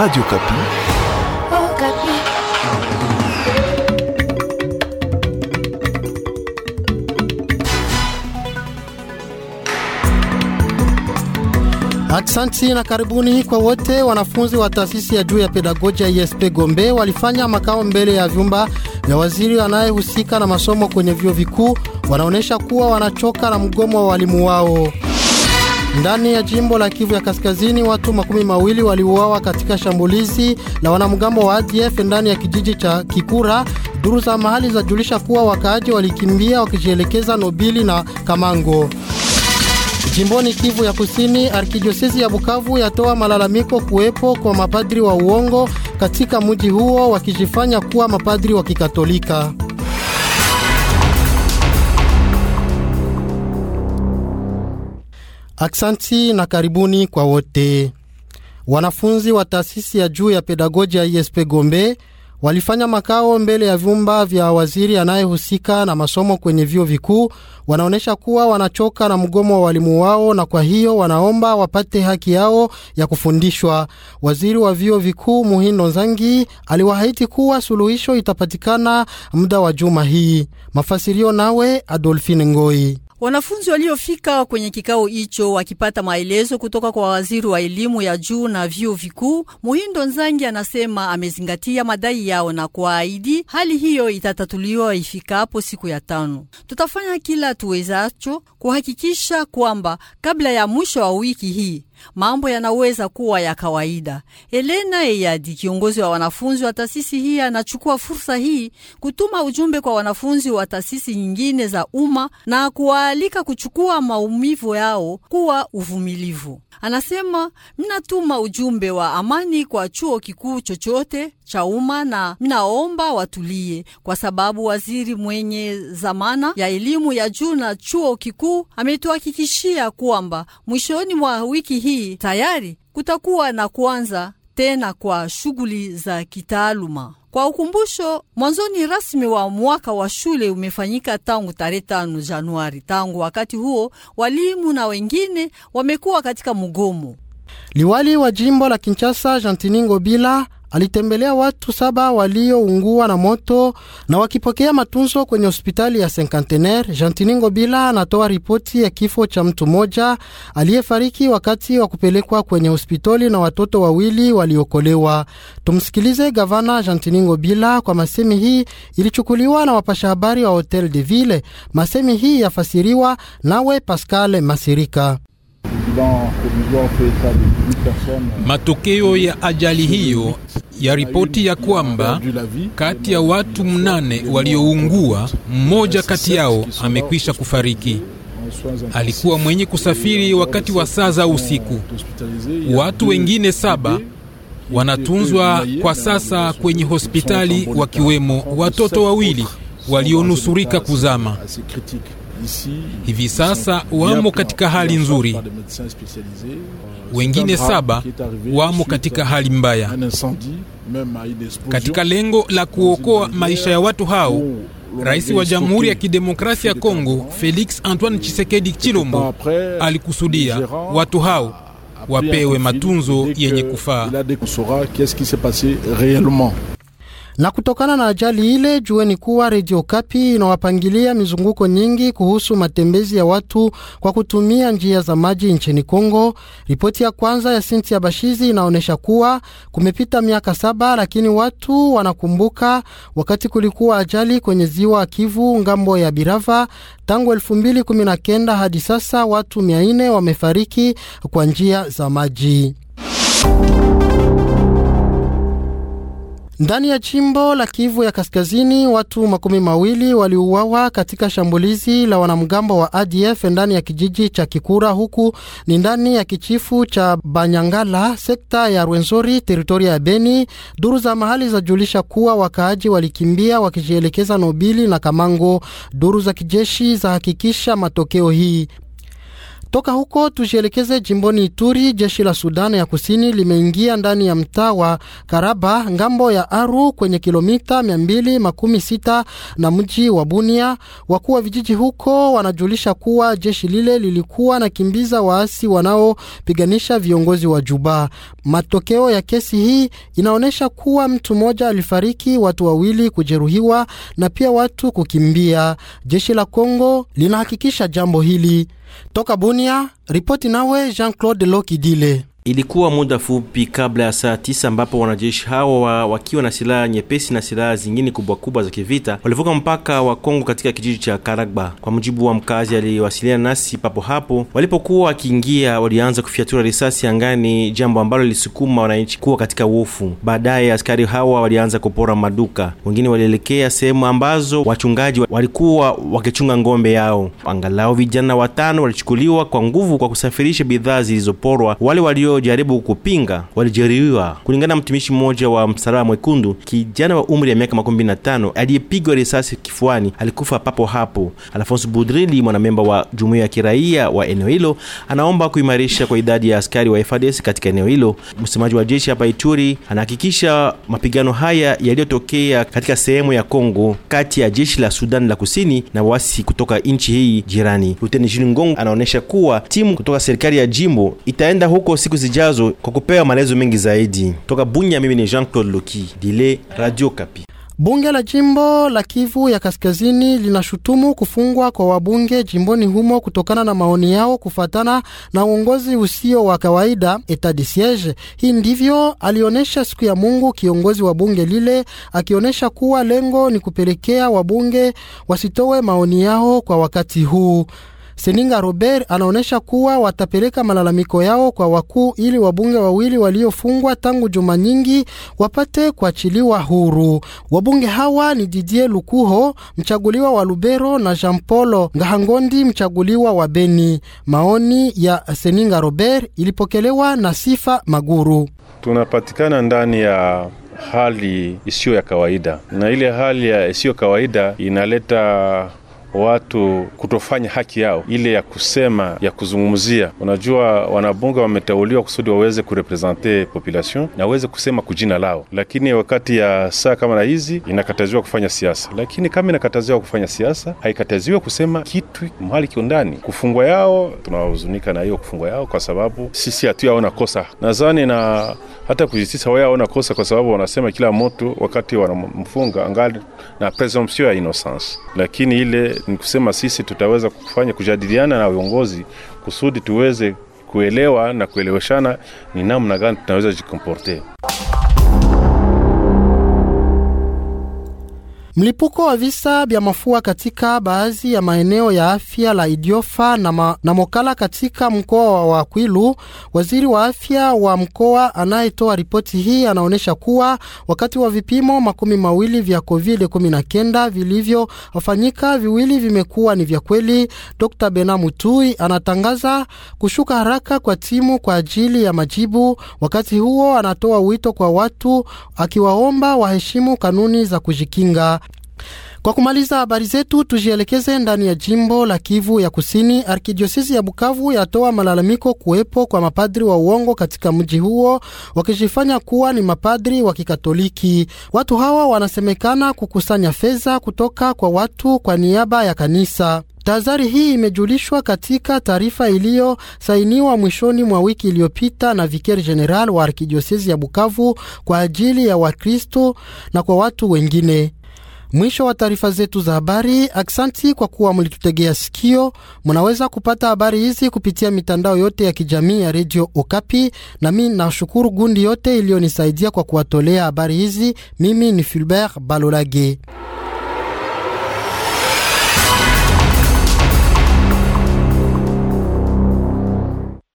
Radio Kapi. Oh, Kapi. Aksanti na karibuni kwa wote wanafunzi wa taasisi ya juu ya pedagoji ya ISP Gombe walifanya makao mbele ya vyumba vya waziri anayehusika na masomo kwenye vyuo vikuu, wanaonesha kuwa wanachoka na mgomo wa walimu wao. Ndani ya jimbo la Kivu ya Kaskazini, watu makumi mawili waliuawa katika shambulizi la wanamgambo wa ADF ndani ya kijiji cha Kikura. Duru za mahali zajulisha kuwa wakaaji walikimbia wakijielekeza Nobili na Kamango. Jimboni Kivu ya Kusini, arkidiosesi ya Bukavu yatoa malalamiko kuwepo kwa mapadri wa uongo katika mji huo wakijifanya kuwa mapadri wa Kikatolika. Aksanti na karibuni kwa wote. Wanafunzi wa taasisi ya juu ya pedagoji ya ISP Gombe walifanya makao mbele ya vyumba vya waziri anayehusika na masomo kwenye vyuo vikuu. Wanaonyesha kuwa wanachoka na mgomo wa walimu wao, na kwa hiyo wanaomba wapate haki yao ya kufundishwa. Waziri wa vyuo vikuu Muhindo Nzangi aliwaahidi kuwa suluhisho itapatikana muda wa juma hii. Mafasirio nawe Adolfine Ngoi. Wanafunzi waliofika kwenye kikao hicho wakipata maelezo kutoka kwa waziri wa elimu ya juu na vyuo vikuu Muhindo Nzangi anasema amezingatia madai yao na kuahidi hali hiyo itatatuliwa ifikapo siku ya tano. Tutafanya kila tuwezacho kuhakikisha kwamba kabla ya mwisho wa wiki hii mambo yanaweza kuwa ya kawaida. Elena Eyadi, kiongozi wa wanafunzi wa taasisi hii, anachukua fursa hii kutuma ujumbe kwa wanafunzi wa taasisi nyingine za umma na kuwaalika kuchukua maumivu yao kuwa uvumilivu. Anasema, mnatuma ujumbe wa amani kwa chuo kikuu chochote cha umma na mnaomba watulie, kwa sababu waziri mwenye zamana ya elimu ya juu na chuo kikuu ametuhakikishia kwamba mwishoni mwa wiki hii tayari kutakuwa na kuanza tena kwa shughuli za kitaaluma. Kwa ukumbusho, mwanzoni rasmi wa mwaka wa shule umefanyika tangu tarehe tano Januari. Tangu wakati huo, walimu na wengine wamekuwa katika mgomo. Liwali wa jimbo la Kinshasa Jantini Ngobila alitembelea watu saba walioungua na moto na wakipokea matunzo kwenye hospitali ya Cinquantenaire. Jantiningo Bila anatoa ripoti ya kifo cha mtu mmoja aliyefariki wakati wa kupelekwa kwenye hospitali na watoto wawili waliokolewa. Tumsikilize gavana Jantiningo Bila kwa masemi hii ilichukuliwa na wapasha habari wa Hotel de Ville. Masemi hii yafasiriwa nawe Pascal Masirika. Matokeo ya ajali hiyo ya ripoti ya kwamba kati ya watu mnane walioungua, mmoja kati yao amekwisha kufariki. Alikuwa mwenye kusafiri wakati wa saa za usiku. Watu wengine saba wanatunzwa kwa sasa kwenye hospitali, wakiwemo watoto wawili walionusurika kuzama. Hivi sasa wamo katika hali nzuri, wengine saba wamo katika hali mbaya, katika lengo la kuokoa maisha ya watu hao. Rais wa Jamhuri ya Kidemokrasia ya Kongo Felix Antoine Tshisekedi Chilombo alikusudia watu hao wapewe matunzo yenye kufaa. Na kutokana na ajali ile, jueni kuwa Radio Kapi inawapangilia mizunguko nyingi kuhusu matembezi ya watu kwa kutumia njia za maji nchini Kongo. Ripoti ya kwanza ya Sinti ya Bashizi inaonyesha kuwa kumepita miaka saba, lakini watu wanakumbuka wakati kulikuwa ajali kwenye ziwa Kivu ngambo ya Birava. Tangu 2019 hadi sasa watu 400 wamefariki kwa njia za maji. Ndani ya jimbo la Kivu ya Kaskazini, watu makumi mawili waliuawa katika shambulizi la wanamgambo wa ADF ndani ya kijiji cha Kikura, huku ni ndani ya kichifu cha Banyangala, sekta ya Rwenzori, teritoria ya Beni. Duru za mahali zajulisha kuwa wakaaji walikimbia wakijielekeza Nobili na Kamango. Duru za kijeshi zahakikisha matokeo hii. Toka huko tujielekeze jimboni Ituri. Jeshi la Sudani ya Kusini limeingia ndani ya mtaa wa Karaba ngambo ya Aru kwenye kilomita 260 na mji wa Bunia. Wakuu wa vijiji huko wanajulisha kuwa jeshi lile lilikuwa na kimbiza waasi wanaopiganisha viongozi wa Juba. Matokeo ya kesi hii inaonyesha kuwa mtu mmoja alifariki, watu wawili kujeruhiwa na pia watu kukimbia. Jeshi la Kongo linahakikisha jambo hili. Toka Bunia, ripoti nawe Jean-Claude Lokidile. Ilikuwa muda fupi kabla ya saa tisa ambapo wanajeshi hawa wakiwa na silaha nyepesi na silaha zingine kubwa kubwa za kivita walivuka mpaka wa Kongo katika kijiji cha Karagba. Kwa mujibu wa mkazi aliyewasiliana nasi papo hapo, walipokuwa wakiingia, walianza kufyatura risasi angani, jambo ambalo lilisukuma wananchi kuwa katika hofu. Baadaye askari hawa walianza kupora maduka, wengine walielekea sehemu ambazo wachungaji walikuwa wakichunga ng'ombe yao. Angalau vijana watano walichukuliwa kwa nguvu kwa kusafirisha bidhaa zilizoporwa. Wale walio waliojaribu kupinga walijeruhiwa, kulingana na mtumishi mmoja wa Msalaba Mwekundu. Kijana wa umri ya miaka makumi na tano aliyepigwa risasi kifuani alikufa papo hapo. Alfonso Budrili, mwanamemba wa jumuiya ya kiraia wa eneo hilo, anaomba kuimarisha kwa idadi ya askari wa FDS katika eneo hilo. Msemaji wa jeshi hapa Ituri anahakikisha mapigano haya yaliyotokea katika sehemu ya Kongo kati ya jeshi la Sudan la Kusini na wasi kutoka nchi hii jirani. Luteni Jili Ngongo anaonyesha kuwa timu kutoka serikali ya jimbo itaenda huko siku zijazo kwa kupewa maelezo mengi zaidi. Toka Bunya, mimi ni Jean-Claude Loki Dile, Radio Kapi. Bunge la jimbo la Kivu ya Kaskazini linashutumu kufungwa kwa wabunge jimboni humo kutokana na maoni yao kufatana na uongozi usio wa kawaida etat de siege. Hii ndivyo alionyesha siku ya Mungu kiongozi wa bunge lile, akionyesha kuwa lengo ni kupelekea wabunge wasitowe maoni yao kwa wakati huu. Seninga Robert anaonyesha kuwa watapeleka malalamiko yao kwa wakuu ili wabunge wawili waliofungwa tangu juma nyingi wapate kuachiliwa huru. Wabunge hawa ni Didier Lukuho mchaguliwa wa Lubero na Jean Paul Ngahangondi mchaguliwa wa Beni. Maoni ya Seninga Robert ilipokelewa na Sifa Maguru. Tunapatikana ndani ya hali isiyo ya kawaida na ile hali isiyo kawaida inaleta watu kutofanya haki yao ile ya kusema, ya kuzungumzia. Unajua, wanabunge wameteuliwa kusudi waweze kurepresente population na waweze kusema kujina lao, lakini wakati ya saa kama na hizi inakataziwa kufanya siasa. Lakini kama inakataziwa kufanya siasa, haikataziwe kusema kitu mahali kiundani. Kufungwa yao, tunawahuzunika na hiyo kufungwa yao, kwa sababu sisi hatuyaona kosa nadhani na hata kujitisa wayaona kosa kwa sababu wanasema kila mtu wakati wanamfunga angali na presumption ya innocence, lakini ile ni kusema sisi tutaweza kufanya kujadiliana na viongozi kusudi tuweze kuelewa na kueleweshana ni namna gani tunaweza jikomporte. Mlipuko wa visa vya mafua katika baadhi ya maeneo ya afya la Idiofa na, ma, na Mokala katika mkoa wa Kwilu. Waziri wa afya wa mkoa anayetoa ripoti hii anaonyesha kuwa wakati wa vipimo makumi mawili vya COVID-19 vilivyofanyika, viwili vimekuwa ni vya kweli. Dr. Bena Mutui anatangaza kushuka haraka kwa timu kwa ajili ya majibu. Wakati huo anatoa wito kwa watu akiwaomba waheshimu kanuni za kujikinga. Kwa kumaliza habari zetu, tujielekeze ndani ya jimbo la Kivu ya Kusini. Arkidiosisi ya Bukavu yatoa malalamiko kuwepo kwa mapadri wa uongo katika mji huo, wakijifanya kuwa ni mapadri wa Kikatoliki. Watu hawa wanasemekana kukusanya fedha kutoka kwa watu kwa niaba ya kanisa. Tahadhari hii imejulishwa katika taarifa iliyosainiwa mwishoni mwa wiki iliyopita na Viker General wa arkidiosezi ya Bukavu kwa ajili ya Wakristo na kwa watu wengine. Mwisho wa taarifa zetu za habari. Aksanti kwa kuwa mlitutegea sikio. Mnaweza kupata habari hizi kupitia mitandao yote ya kijamii ya redio Okapi, nami nashukuru gundi yote iliyonisaidia kwa kuwatolea habari hizi. Mimi ni Fulbert Balolage.